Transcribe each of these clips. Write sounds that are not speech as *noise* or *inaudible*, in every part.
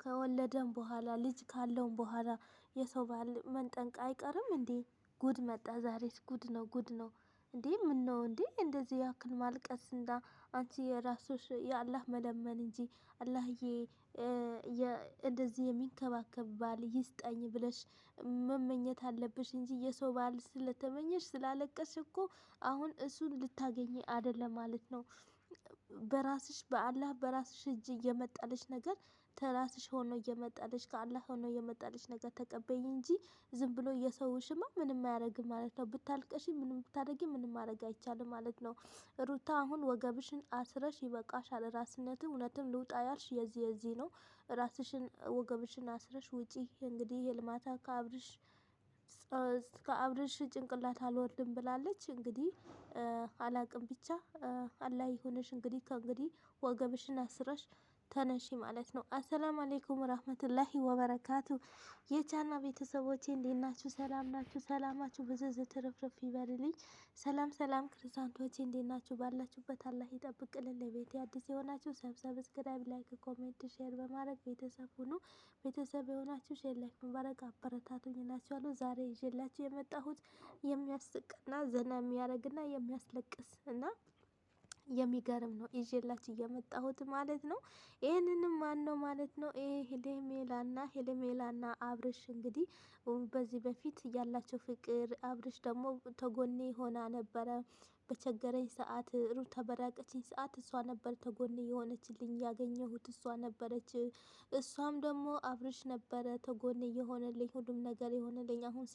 ከወለደም በኋላ ልጅ ካለውም በኋላ የሰው ባል መንጠንቅ አይቀርም እንዴ? ጉድ መጣ ዛሬስ! ጉድ ነው ጉድ ነው እንዴ! ምን ነው እንዴ? እንደዚህ ያክል ማልቀስ እና አንቺ የራስሽ የአላህ መለመን እንጂ አላህዬ እንደዚህ የሚንከባከብ ባል ይስጠኝ ብለሽ መመኘት አለብሽ እንጂ የሰው ባል ስለተመኘሽ ስላለቀሽ እኮ አሁን እሱን ልታገኝ አይደለም ማለት ነው። በራስሽ በአላህ በራስሽ እጅ የመጣልሽ ነገር ተራስሽ ሆኖ እየመጣለች ከአላህ ሆኖ እየመጣለች ነገር ተቀበይ እንጂ ዝም ብሎ የሰው ሽማ ምንም አያደርግም ማለት ነው። ብታልቀሽ ምንም ብታደርጊ ምንም ማድረግ አይቻልም ማለት ነው። ሩታ አሁን ወገብሽን አስረሽ ይበቃሻል። ራስነት እውነትም ልውጣ ያልሽ የዚህ የዚህ ነው። ራስሽን ወገብሽን አስረሽ ውጪ። እንግዲህ የልማታ ከአብርሽ ከአብርሽ ጭንቅላት አልወርድም ብላለች። እንግዲህ አላቅም ብቻ አላይ ሆነሽ እንግዲህ ከእንግዲህ ወገብሽን አስረሽ ተነሺ ማለት ነው። አሰላም አሌይኩም ወራህመቱላሂ ወበረካቱ። የቻና ቤተሰቦቼ እንዴት ናችሁ? ሰላም ናችሁ? ሰላማችሁ ብዙ ዝትርፍርፍ ይበልልኝ። ሰላም ሰላም ክርስቲያኖቼ እንዴት ናችሁ? ባላችሁበት አላህ ይጠብቅልን። ለቤት አዲስ የሆናችሁ ሰብስክራይብ፣ ላይክ፣ ኮሜንት፣ ሼር በማድረግ ቤተሰብ ሁኑ። ቤተሰብ የሆናችሁ ሼር፣ ላይክ በማድረግ አበረታቱኝ እላችኋለሁ። ዛሬ ይዤላችሁ የመጣሁት የሚያስቅና ዘና የሚያደርግና የሚያስለቅስ እና የሚገርም ነው ይዤላችሁ እየመጣሁት ማለት ነው። ይህንንም ማን ነው ማለት ነው ይሄ ሄሌሜላና ሄሌሜላና አብርሽ እንግዲህ በዚህ በፊት ያላቸው ፍቅር አብርሽ ደግሞ ተጎኔ ሆና ነበረ በቸገረኝ ሰዓት ሩ በራቀችኝ ሰዓት እሷ ነበር ተጎኔ የሆነችልኝ ያገኘሁት እሷ ነበረች። እሷም ደግሞ አብርሽ ነበረ ተጎኔ የሆነልኝ ሁሉም ነገር የሆነልኝ አሁን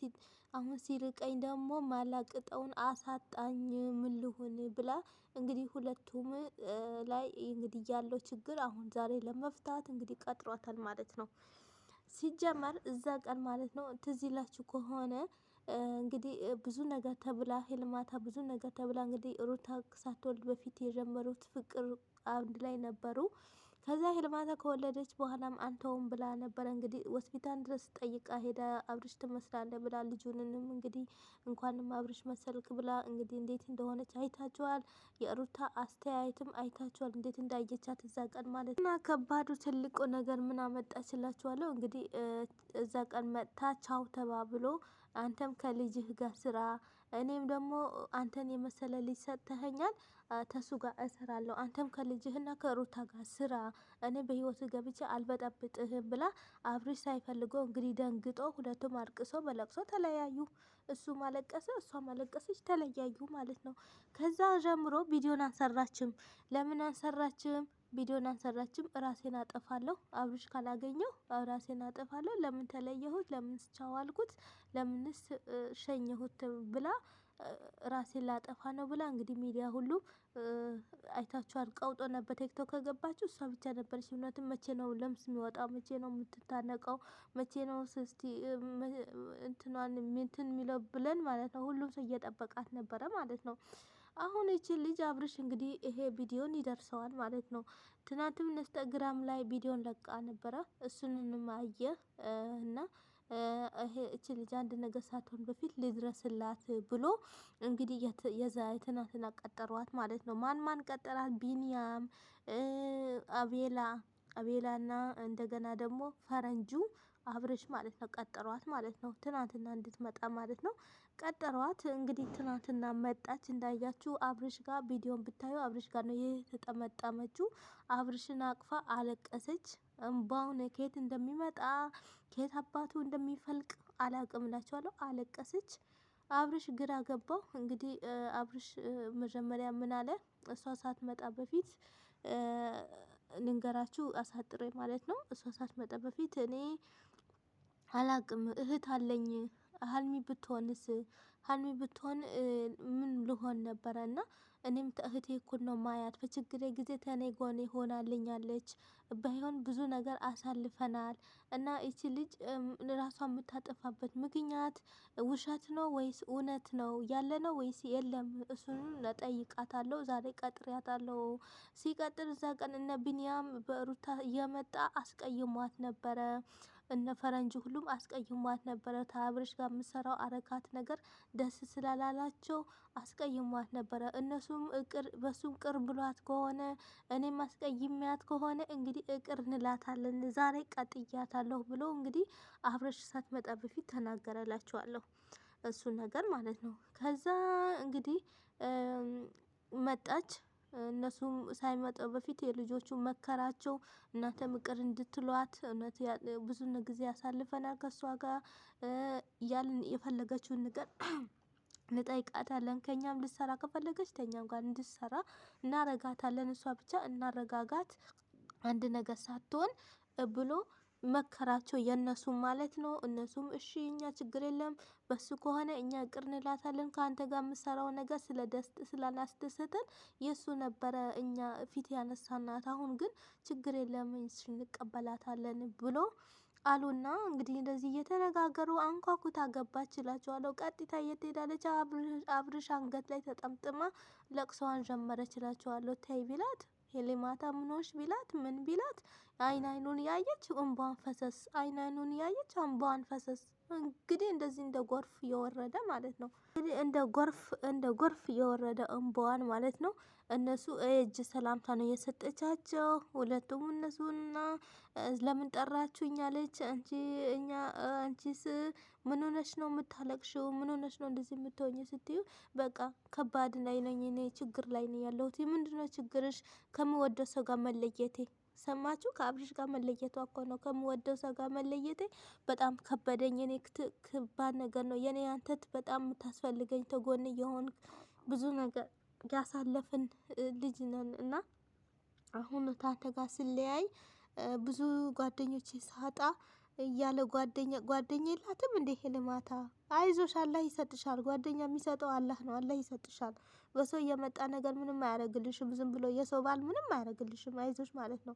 አሁን ሲርቀኝ ደግሞ ማላቅጠውን አሳጣኝ ምን ልሁን ብላ እንግዲህ ሁለቱም ላይ እንግዲህ ያለው ችግር አሁን ዛሬ ለመፍታት እንግዲህ ቀጥሯታል ማለት ነው። ሲጀመር እዛ ቀን ማለት ነው ትዝ ይላችሁ ከሆነ እንግዲህ ብዙ ነገር ተብላ ሄልማታ ብዙ ነገር ተብላ እንግዲህ ሩታ ሳትወልድ በፊት የጀመሩት ፍቅር አንድ ላይ ነበሩ። ከዛ ሄልማታ ከወለደች በኋላም አንተውም ብላ ነበረ እንግዲህ ሆስፒታል ድረስ ጠይቃ ሄዳ አብርሽ ትመስላለ ብላ ልጁንንም እንግዲህ እንኳንም አብርሽ መሰልክ ብላ እንግዲህ እንዴት እንደሆነች አይታችኋል። የሩታ አስተያየትም አይታችኋል፣ እንዴት እንዳየቻት እዛ ቀን ማለት ነው። እና ከባዱ ትልቁ ነገር ምን አመጣችላችኋለሁ እንግዲህ እዛ ቀን መጥታ ቻው ተባብሎ አንተም ከልጅህ ጋር ስራ እኔም ደግሞ አንተን የመሰለ ልጅ ሰጥተኸኛል ተሱ ጋር እሰራለሁ አንተም ከልጅህና ከሩታ ጋር ስራ እኔ በህይወት ገብቼ አልበጠብጥህም ብላ አብርሽ ሳይፈልገው እንግዲህ ደንግጦ ሁለቱም አልቅሰው በለቅሶ ተለያዩ። እሱ ማለቀሰ፣ እሷ ማለቀሰች፣ ተለያዩ ማለት ነው። ከዛ ጀምሮ ቪዲዮን አንሰራችም። ለምን አንሰራችም? ቪዲዮን አልሰራችም። ራሴን አጠፋለሁ። አብርሽ ካላገኘሁ ራሴን አጠፋለሁ። ለምን ተለየሁት? ለምንስ ቻዋልኩት? ለምንስ ሸኘሁት? ብላ ራሴን ላጠፋ ነው ብላ እንግዲህ ሚዲያ ሁሉ አይታችኋል። ቀውጦ ነበር። ቲክቶክ ከገባችሁ እሷ ብቻ ነበረች። እውነትም መቼ ነው ለምስ የሚወጣው? መቼ ነው የምትታነቀው? መቼ ነው ስስቲ እንትኗን እንትን የሚለው ብለን ማለት ነው። ሁሉም ሰው እየጠበቃት ነበረ ማለት ነው። አሁን እቺ ልጅ አብርሽ እንግዲህ ይሄ ቪዲዮን ይደርሰዋል ማለት ነው። ትናንትም ኢንስታግራም ላይ ቪዲዮን ለቃ ነበረ። እሱንንም አየ እና ይሄ እቺ ልጅ አንድ ነገር ሳትሆን በፊት ልድረስላት ብሎ እንግዲህ የዛ የትናንትና ቀጠሯት ማለት ነው። ማን ማን ቀጠራት? ቢኒያም፣ አቤላ አቤላና እንደገና ደግሞ ፈረንጁ አብርሽ ማለት ነው ቀጠሯት ማለት ነው። ትናንትና እንድትመጣ ማለት ነው ቀጠሯት። እንግዲህ ትናንትና መጣች። እንዳያችሁ አብርሽ ጋር ቪዲዮን ብታዩ አብርሽ ጋር ነው የተጠመጠመችው። አብርሽን አቅፋ አለቀሰች። እምባውን ከየት እንደሚመጣ ከየት አባቱ እንደሚፈልቅ አላቅም እላችኋለሁ። አለቀሰች። አብርሽ ግራ ገባው። እንግዲህ አብርሽ መጀመሪያ ምን አለ? እሷ ሳትመጣ በፊት ልንገራችሁ አሳጥሬ ማለት ነው። እሷ ሳትመጣ በፊት እኔ አላቅም እህት አለኝ ሀልሚ ብትሆንስ ሀልሚ ብትሆን ምን ልሆን ነበረ? እና እኔም እህቴ እኩል ነው ማያት በችግሬ ጊዜ ተኔ ጎኔ ሆናልኛለች። ባይሆን ብዙ ነገር አሳልፈናል እና ይቺ ልጅ ራሷ የምታጠፋበት ምክንያት ውሸት ነው ወይስ እውነት ነው ያለ ነው ወይስ የለም? እሱን እጠይቃታለሁ። ዛሬ ቀጥሬያታለሁ። ሲቀጥር እዛ ቀን እነ ቢንያም በሩታ እየመጣ አስቀይሟት ነበረ እነ ፈረንጅ ሁሉም አስቀይሟት ነበረ። ከአብርሽ ጋር የምሰራው አረካት ነገር ደስ ስላላላቸው አስቀይሟት ነበረ። እነሱም እቅር በሱም ቅር ብሏት ከሆነ እኔም አስቀይሜያት ከሆነ እንግዲህ እቅር እንላታለን፣ ዛሬ ቀጥያታለሁ ብሎ እንግዲህ አብርሽ ሳትመጣ በፊት ተናገረላቸዋለሁ። እሱ ነገር ማለት ነው። ከዛ እንግዲህ መጣች እነሱም ሳይመጣው በፊት የልጆቹ መከራቸው እናንተ ምቅር እንድትሏት እውነት ብዙ ጊዜ ያሳልፈናል ከእሷ ጋር እያልን የፈለገችውን ነገር *clears throat* እንጠይቃታለን። ከኛም ልሰራ ከፈለገች ከኛም ጋር እንድትሰራ እናረጋታለን። እሷ ብቻ እናረጋጋት አንድ ነገር ሳትሆን ብሎ መከራቸው የነሱ ማለት ነው። እነሱም እሺ እኛ ችግር የለም በሱ ከሆነ እኛ ይቅር እንላታለን። ከአንተ ጋር የምሰራው ነገር ስለ ደስ ስላላስደሰተን የእሱ ነበረ እኛ ፊት ያነሳናት፣ አሁን ግን ችግር የለም እንቀበላታለን ብሎ አሉና እንግዲህ እንደዚህ እየተነጋገሩ አንኳኩት ገባች እላችኋለሁ። ቀጥታ እየተሄዳለች አብርሽ አንገት ላይ ተጠምጥማ ለቅሰዋን ጀመረች እላችኋለሁ። ተይ ቢላት ሄሌማታ ምኖሽ ቢላት ምን ቢላት አይን አይኑን ያየች እንቧን ፈሰስ አይን አይኑን ያየች እንቧን ፈሰስ እንግዲህ እንደዚህ እንደ ጎርፍ እየወረደ ማለት ነው። እንግዲህ እንደ ጎርፍ እንደ ጎርፍ እየወረደ እንበዋን ማለት ነው። እነሱ እጅ ሰላምታ ነው የሰጠቻቸው። ሁለቱም እነሱና ለምን ጠራችሁኝ አለች። አንቺ እኛ አንቺስ ምን ሆነሽ ነው የምታለቅሽው? ምን ሆነሽ ነው እንደዚህ የምትሆኝ ስትዩ፣ በቃ ከባድ ላይ ነኝ እኔ ችግር ላይ ነው ያለሁት። ምንድነው ችግርሽ? ከምወደው ሰው ጋር መለየቴ ሰማችሁ? ከአብርሽ ጋር መለየቷ እኮ ነው። ከምወደው ሰው ጋር መለየቴ በጣም ከበደኝ። የኔ ክባድ ነገር ነው። የኔ አንተት በጣም የምታስፈልገኝ ተጎን የሆን ብዙ ነገር ያሳለፍን ልጅ ነን እና አሁን ታንተ ጋር ስለያይ ብዙ ጓደኞች ሳጣ እያለ ጓደኛ ጓደኛ የላትም እንዴ? ሄልማታ አይዞሽ፣ አላህ ይሰጥሻል። ጓደኛ የሚሰጠው አላህ ነው። አላህ ይሰጥሻል። በሰው እየመጣ ነገር ምንም አያደርግልሽም። ዝም ብሎ የሰው ባል ምንም አያደርግልሽም። አይዞሽ ማለት ነው።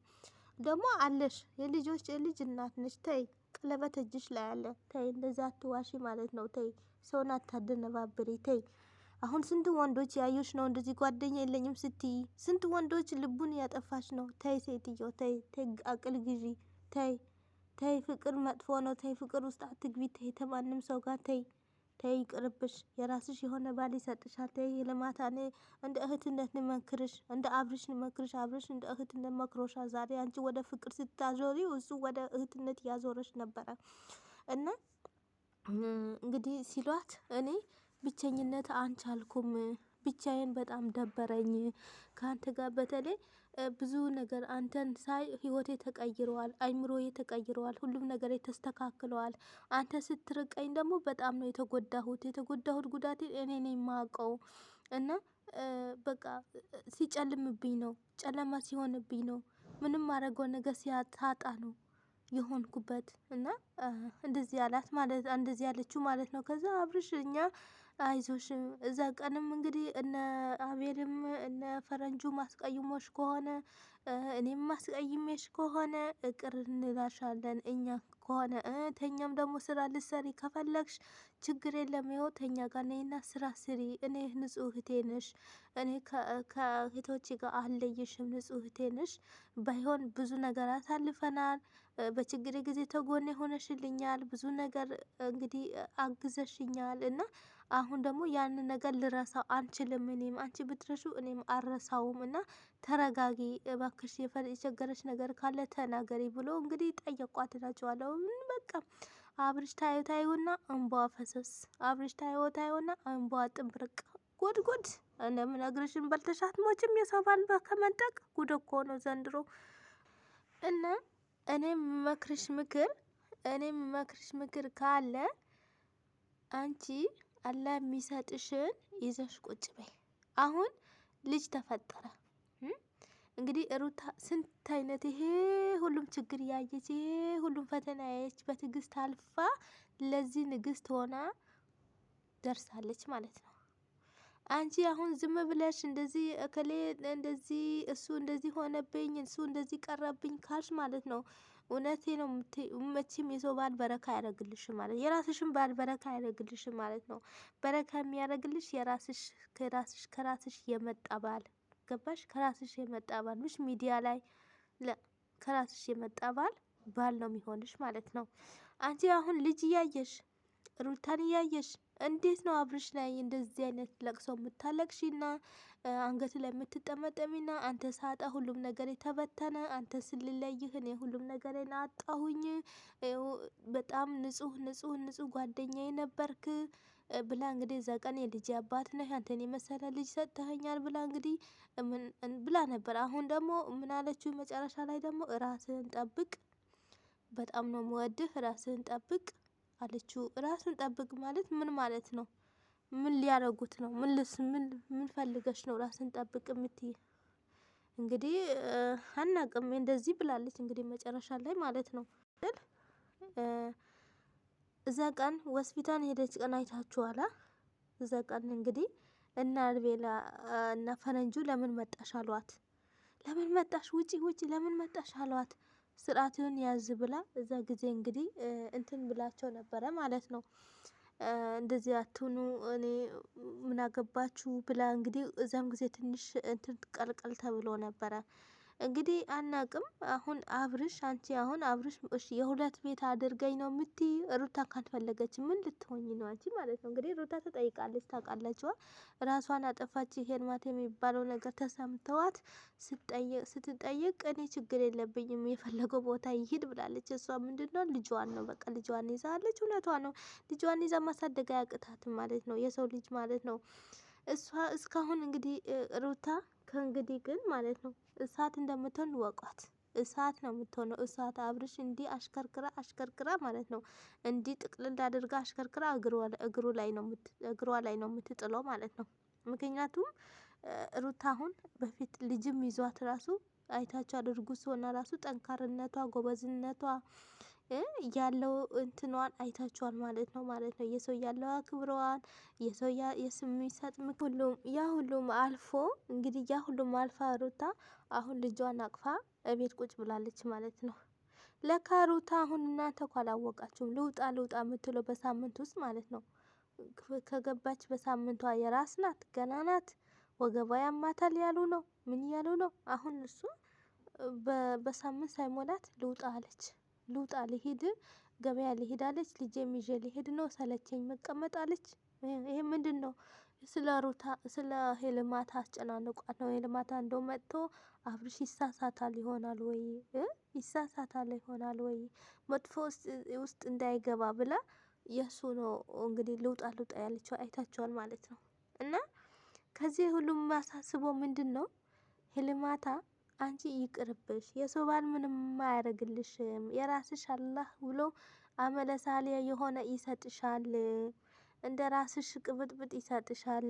ደግሞ አለሽ የልጆች የልጅ እናት ነች። ተይ ቀለበት እጅሽ ላይ አለ። ተይ እንደዛ አትዋሺ ማለት ነው። ተይ ሰውን አታደነባብሪ። ተይ አሁን ስንት ወንዶች ያዩሽ ነው እንደዚህ ጓደኛ የለኝም ስትይ፣ ስንት ወንዶች ልቡን እያጠፋሽ ነው። ተይ ሴትዮ ተይ ተይ፣ አቅል ግዢ ተይ ተይ። ፍቅር መጥፎ ነው። ተይ ፍቅር ውስጥ አትግቢ። ተይ ተማንም ሰው ጋር ተይ። ተይ ይቅርብሽ፣ የራስሽ የሆነ ባል ይሰጥሻል። ተይ ልማታ እኔ እንደ እህትነት ንመክርሽ፣ እንደ አብርሽ ንመክርሽ። አብርሽ እንደ እህትነት መክሮሻ። ዛሬ አንቺ ወደ ፍቅር ስታዞሪ እሱ ወደ እህትነት ያዞረሽ ነበረ እና እንግዲህ ሲሏት እኔ ብቸኝነት አንቻልኩም፣ ብቻዬን በጣም ደበረኝ ከአንተ ጋር በተለይ ብዙ ነገር አንተን ሳይ ህይወቴ ተቀይረዋል፣ አይምሮዬ ተቀይረዋል፣ ሁሉም ነገር ተስተካክለዋል። አንተ ስትርቀኝ ደግሞ በጣም ነው የተጎዳሁት። የተጎዳሁት ጉዳቴ እኔ ነው የማውቀው እና በቃ ሲጨልምብኝ ነው፣ ጨለማ ሲሆንብኝ ነው፣ ምንም ማድረገው ነገር ሲያታጣ ነው። የሆንኩበት እና እንደዚህ አላት ማለት እንደዚህ ያለችው ማለት ነው። ከዛ አብርሽ እኛ አይዞሽ እዛ ቀንም እንግዲህ እነ አቤልም እነ ፈረንጁ አስቀይሞሽ ከሆነ እኔም ማስቀይሜሽ ከሆነ እቅር እንላሻለን። እኛ ከሆነ ተኛም ደግሞ ስራ ልሰሪ ከፈለግሽ ችግር የለም። ይኸው ተኛ ጋር ነይና ስራ ስሪ። እኔ ንጹህ እህቴ ነሽ። እኔ ከእህቶቼ ጋር አልለይሽም። ንጹህ እህቴ ነሽ። ባይሆን ብዙ ነገር አሳልፈናል። በችግር ጊዜ ተጎኔ ሆነሽልኛል፣ ብዙ ነገር እንግዲህ አግዘሽኛል እና አሁን ደግሞ ያንን ነገር ልረሳው አንችልም። እኔም አንቺ ብትረሹ እኔም አረሳውም እና ተረጋጊ እባክሽ፣ የቸገረሽ ነገር ካለ ተናገሪ ብሎ እንግዲህ ጠየቋት እላቸዋለሁ። በቃ አብርሽ ታዩ ታዩና እንቧ ፈሰስ፣ አብርሽ ታዩ ታዩና እንቧ ጥብርቅ ጉድጉድ እንደምን በልተሻት ሞችም የሰው ባል ከመንጠቅ ጉድ እኮ ነው ዘንድሮ እና እኔ የምመክርሽ ምክር እኔ የምመክርሽ ምክር ካለ አንቺ አላ የሚሰጥሽን ይዘሽ ቁጭ በይ። አሁን ልጅ ተፈጠረ። እንግዲህ ሩታ ስንት አይነት ይሄ ሁሉም ችግር ያየች ይሄ ሁሉም ፈተና ያየች በትዕግስት አልፋ ለዚህ ንግስት ሆና ደርሳለች ማለት ነው። አንቺ አሁን ዝም ብለሽ እንደዚህ እከሌ እንደዚህ እሱ እንደዚህ ሆነብኝ እሱ እንደዚህ ቀረብኝ ካልሽ ማለት ነው እውነቴ ነው መቼም የሰው ባል በረካ አያደርግልሽም ማለት የራስሽን ባል በረካ አያደርግልሽም ማለት ነው። በረካ የሚያደረግልሽ የራስሽ ከራስሽ ከራስሽ የመጣ ባል ገባሽ? ከራስሽ የመጣ ባል ምሽ ሚዲያ ላይ ከራስሽ የመጣ ባል ባል ነው የሚሆንሽ ማለት ነው። አንቺ አሁን ልጅ እያየሽ ሩታን እያየሽ እንዴት ነው አብርሽ ላይ እንደዚህ አይነት ለቅሶ የምታለቅሺና አንገት ላይ የምትጠመጠሚና አንተ ሳጣ ሁሉም ነገር የተበተነ አንተ ስልለይህ እኔ ሁሉም ነገር አጣሁኝ በጣም ንጹህ ንጹህ ንጹህ ጓደኛ ነበርክ ብላ እንግዲህ እዛ ቀን የልጅ አባት ነህ አንተን የመሰለ ልጅ ሰጥተኸኛል ብላ እንግዲህ ብላ ነበር። አሁን ደግሞ ምናለችው መጨረሻ ላይ ደግሞ ራስህን ጠብቅ፣ በጣም ነው ምወድህ፣ ራስህን ጠብቅ አለችው። ራስን ጠብቅ ማለት ምን ማለት ነው? ምን ሊያደርጉት ነው? ምን ምን ምን ፈልገሽ ነው ራስን ጠብቅ የምትይ? እንግዲህ አናቅም እንደዚህ ብላለች። እንግዲህ መጨረሻ ላይ ማለት ነው እዛ ቀን ሆስፒታል ሄደች ቀን አይታችኋላ። እዛ ቀን እንግዲህ እና ልቤላ እና ፈረንጁ ለምን መጣሽ አሏት። ለምን መጣሽ ውጪ ውጪ ለምን መጣሽ አሏት። ስርዓቱን ያዝ ብላ እዛ ጊዜ እንግዲህ እንትን ብላቸው ነበረ ማለት ነው። እንደዚህ አትሁኑ እኔ ምናገባችሁ ብላ እንግዲህ እዛም ጊዜ ትንሽ እንትን ቀልቀል ተብሎ ነበረ እንግዲህ አናቅም። አሁን አብርሽ አንቺ አሁን አብርሽ እሺ የሁለት ቤት አድርገኝ ነው ምቲ ሩታ ካልፈለገች ምን ልትሆኝ ነው አንቺ ማለት ነው። እንግዲህ ሩታ ተጠይቃለች ታውቃላችኋል። ራሷን አጠፋች ሄርማት የሚባለው ነገር ተሰምተዋት ስትጠየቅ እኔ ችግር የለብኝም የፈለገው ቦታ ይሂድ ብላለች። እሷ ምንድነው ልጇን ነው በቃ ልጇን ይዛለች። እውነቷ ነው። ልጇን ይዛ ማሳደግ አያቅታትም ማለት ነው። የሰው ልጅ ማለት ነው። እሷ እስካሁን እንግዲህ ሩታ ከእንግዲህ ግን ማለት ነው እሳት እንደምትሆን ወቋት። እሳት ነው የምትሆነው። እሳት አብርሽ እንዲህ አሽከርክራ አሽከርክራ ማለት ነው እንዲህ ጥቅልል አድርጋ አሽከርክራ እግሩ ላይ ነው እግሯ ላይ ነው የምትጥለው ማለት ነው። ምክንያቱም ሩታ አሁን በፊት ልጅም ይዟት ራሱ አይታቸው አድርጉ ሲሆና ራሱ ጠንካርነቷ፣ ጎበዝነቷ ያለው እንትኗን አይታችኋል ማለት ነው ማለት ነው። የሰው ያለው አክብረዋል የሰው የሚሰጥ ሁሉም ያ ሁሉም አልፎ እንግዲህ ያ ሁሉም አልፋ ሩታ አሁን ልጇን አቅፋ እቤት ቁጭ ብላለች ማለት ነው። ለካ ሩታ አሁን እናንተ እኮ አላወቃችሁም። ልውጣ ልውጣ የምትለው በሳምንት ውስጥ ማለት ነው። ከገባች በሳምንቷ የራስ ናት፣ ገና ናት። ወገቧ ያማታል ያሉ ነው ምን ያሉ ነው። አሁን እሱ በሳምንት ሳይሞላት ልውጣ አለች። ልውጣ ልሂድ፣ ገበያ ልሂድ አለች። ልጄም ይዤ ልሂድ ነው ሰለቸኝ መቀመጣለች። ይሄ ምንድን ነው? ስለ ሩታ ስለ ሄልማታ አስጨናንቋት ነው። ሄልማታ እንደው መጥቶ አብርሽ ይሳሳታል ይሆናል ወይ ይሳሳታል ይሆናል ወይ መጥፎ ውስጥ እንዳይገባ ብላ የእሱ ነው እንግዲህ ልውጣ ልውጣ ያለችው አይታቸዋል ማለት ነው። እና ከዚህ ሁሉም የሚያሳስበው ምንድን ነው ሄልማታ አንቺ ይቅርብሽ፣ የሰው ባል ምንም አያደርግልሽም፣ የራስሽ አላህ ብሎ አመለሳሊያ የሆነ ይሰጥሻል። እንደ ራስሽ ቅብጥብጥ ይሰጥሻል።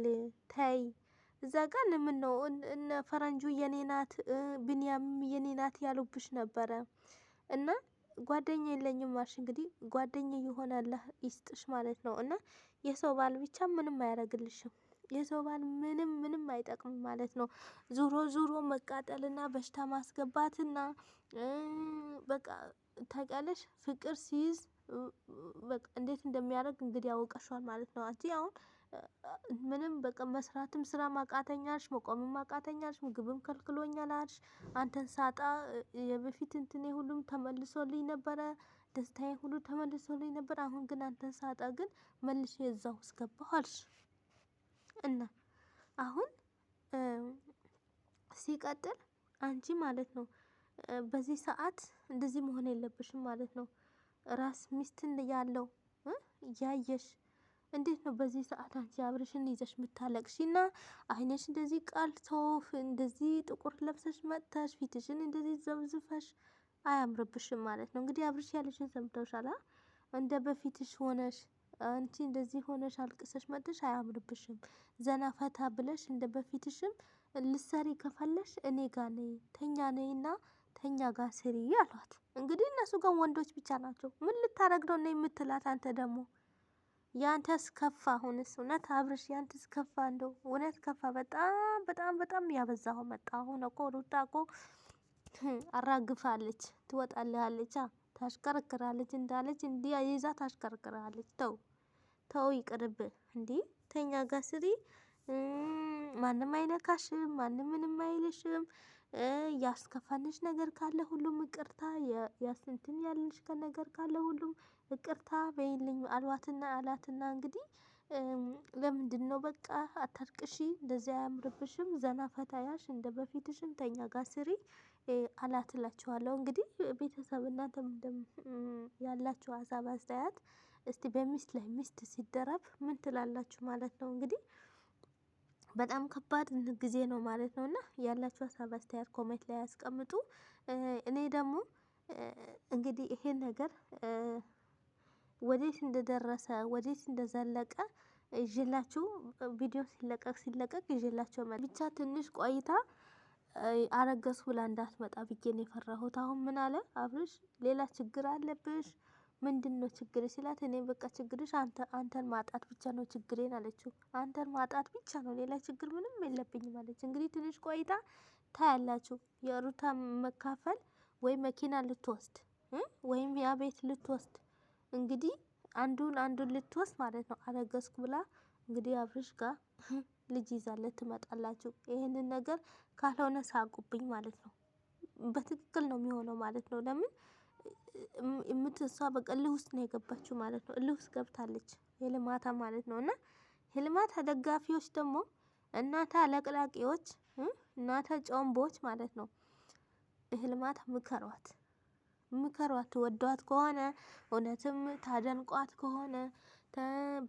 ተይ እዛ ጋር ለምን ነው እነ ፈረንጁ የኔናት ብንያም የኔናት ያሉብሽ ነበረ። እና ጓደኛ የለኝም ማሽ እንግዲህ ጓደኛ የሆነ አላህ ይስጥሽ ማለት ነው። እና የሰው ባል ብቻ ምንም አያደርግልሽም። የሰው ባል ምንም ምንም አይጠቅምም ማለት ነው። ዞሮ ዞሮ መቃጠልና በሽታ ማስገባትና በቃ ታውቂያለሽ ፍቅር ሲይዝ በቃ እንዴት እንደሚያደርግ እንግዲህ ያውቀሽዋል ማለት ነው። አንቺ አሁን ምንም በቃ መስራትም ስራ አቃተኛሽ መቆምም አቃተኛሽ ምግብም ከልክሎኛል አንተን ሳጣ የበፊት እንትኔ ሁሉም ተመልሶልኝ ነበረ። ደስታዬ ሁሉ ተመልሶልኝ ነበር አሁን ግን አንተን ሳጣ ግን መልሼ እዛው ውስጥ ገባሁ አልሽ እና አሁን ሲቀጥል አንቺ ማለት ነው በዚህ ሰዓት እንደዚህ መሆን የለብሽም ማለት ነው። ራስ ሚስትን ያለው ያየሽ እንዴት ነው በዚህ ሰዓት አንቺ አብርሽን ይዘሽ እና አይነሽ እንደዚህ ቃል ተውፍ እንደዚህ ጥቁር ለብሰሽ መጥተሽ ፊትሽን እንደዚህ ዘብዝፈሽ አያምርብሽም ማለት ነው። እንግዲህ አብርሽ ያለሽን ሰምተውሻል። እንደ በፊትሽ ሆነሽ አንቺ እንደዚህ ሆነሽ አልቅሰሽ መጥተሽ አያምርብሽም። ዘና ፈታ ብለሽ እንደ በፊትሽም ልሰሪ ከፈለሽ እኔ ጋ ነይ ተኛ ነይና ተኛ ጋር ስሪ አሏት። እንግዲህ እነሱ ጋር ወንዶች ብቻ ናቸው። ምን ልታረግ ነው የምትላት? አንተ ደግሞ ያንተስ ስከፋ አሁንስ እውነት አብርሽ ያንተስ ስከፋ እንደው እውነት ከፋ። በጣም በጣም በጣም ያበዛኸው መጣ። አሁን እኮ ሩጣ እኮ አራግፋለች፣ ትወጣልሃለች፣ ታሽከረክራለች። እንዳለች እንዲያ ይዛ ታሽከረክራለች። ተው ተው ይቅርብ እንዴ ተኛ ጋር ስሪ። ማንም አይነካሽም፣ ማንም ምንም አይልሽም። ያስከፋንሽ ነገር ካለ ሁሉም ይቅርታ፣ ያስንትን ያልንሽ ከነገር ካለ ሁሉም ይቅርታ በይልኝ አልዋትና አላትና እንግዲህ ለምንድን ነው በቃ አታልቅሺ፣ እንደዚያ አያምርብሽም፣ ዘና ፈታያሽ እንደ በፊትሽም ተኛ ጋር ስሪ አላት እላችኋለሁ። እንግዲህ ቤተሰብ እናንተም ያላችሁ ሀሳብ አስተያየት እስቲ በሚስት ላይ ሚስት ሲደረብ ምን ትላላችሁ ማለት ነው እንግዲህ በጣም ከባድ ጊዜ ነው ማለት ነው። እና ያላችሁ ሀሳብ አስተያየት ኮሜንት ላይ ያስቀምጡ። እኔ ደግሞ እንግዲህ ይሄ ነገር ወዴት እንደደረሰ ወዴት እንደዘለቀ ይዤላችሁ ቪዲዮ ሲለቀቅ ሲለቀቅ ይዤላችሁ ብቻ ትንሽ ቆይታ አረገዝኩ ብላ እንዳትመጣ ብዬ ነው የፈራሁት። አሁን ምን አለ አብርሽ ሌላ ችግር አለብሽ ምንድን ነው ችግር ሲላት፣ እኔ በቃ ችግርሽ አንተን ማጣት ብቻ ነው ችግሬን አለችው። አንተን ማጣት ብቻ ነው፣ ሌላ ችግር ምንም የለብኝም አለች። እንግዲህ ትንሽ ቆይታ ታያላችሁ። የሩታ መካፈል ወይ መኪና ልትወስድ ወይም ያ ቤት ልትወስድ እንግዲህ አንዱን አንዱን ልትወስድ ማለት ነው። አረገዝኩ ብላ እንግዲህ አብርሽ ጋር ልጅ ይዛለት ትመጣላችሁ። ይህንን ነገር ካልሆነ ሳቁብኝ ማለት ነው። በትክክል ነው የሚሆነው ማለት ነው። ለምን የምትሷ በቃ እልህ ውስጥ ነው የገባችው ማለት ነው። እልህ ውስጥ ገብታለች የልማታ ማለት ነው። እና የልማታ ደጋፊዎች ደግሞ እናታ ለቅላቂዎች፣ እናተ ጮምቦች ማለት ነው። የልማታ ምከሯት፣ ምከሯት። ወዷት ከሆነ እውነትም ታደንቋት ከሆነ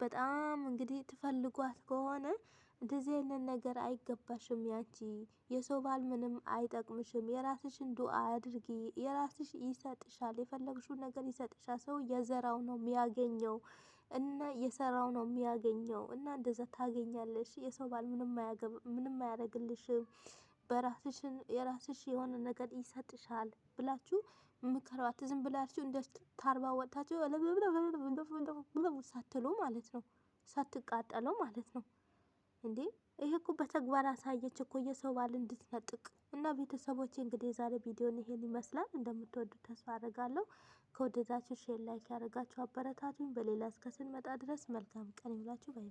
በጣም እንግዲህ ትፈልጓት ከሆነ እንደዚህ አይነት ነገር አይገባሽም፣ ያንቺ የሰው ባል ምንም አይጠቅምሽም፣ የራስሽን ዱአ አድርጊ፣ የራስሽ ይሰጥሻል፣ የፈለግሽው ነገር ይሰጥሻል። ሰው የዘራው ነው የሚያገኘው እና የሰራው ነው የሚያገኘው እና እንደዛ ታገኛለሽ። የሰው ባል ምንም አያደርግልሽም፣ በራስሽን የራስሽ የሆነ ነገር ይሰጥሻል ብላችሁ ምከሯት። ዝም ብላችሁ እንደ ታርባ ወጥታችሁ ሳትሉ ማለት ነው፣ ሳትቃጠለው ማለት ነው። እንዴ ይሄ እኮ በተግባር አሳየች እኮ የሰው ባል እንድትነጥቅ እና ቤተሰቦች እንግዲህ የዛሬ ቪዲዮን ይሄን ይመስላል። እንደምትወዱ ተስፋ አድርጋለሁ። ከወደዳችሁ ሼር፣ ላይክ ያደርጋችሁ አበረታቱኝ። በሌላ እስከ ስንመጣ ድረስ መልካም ቀን ይላችሁ።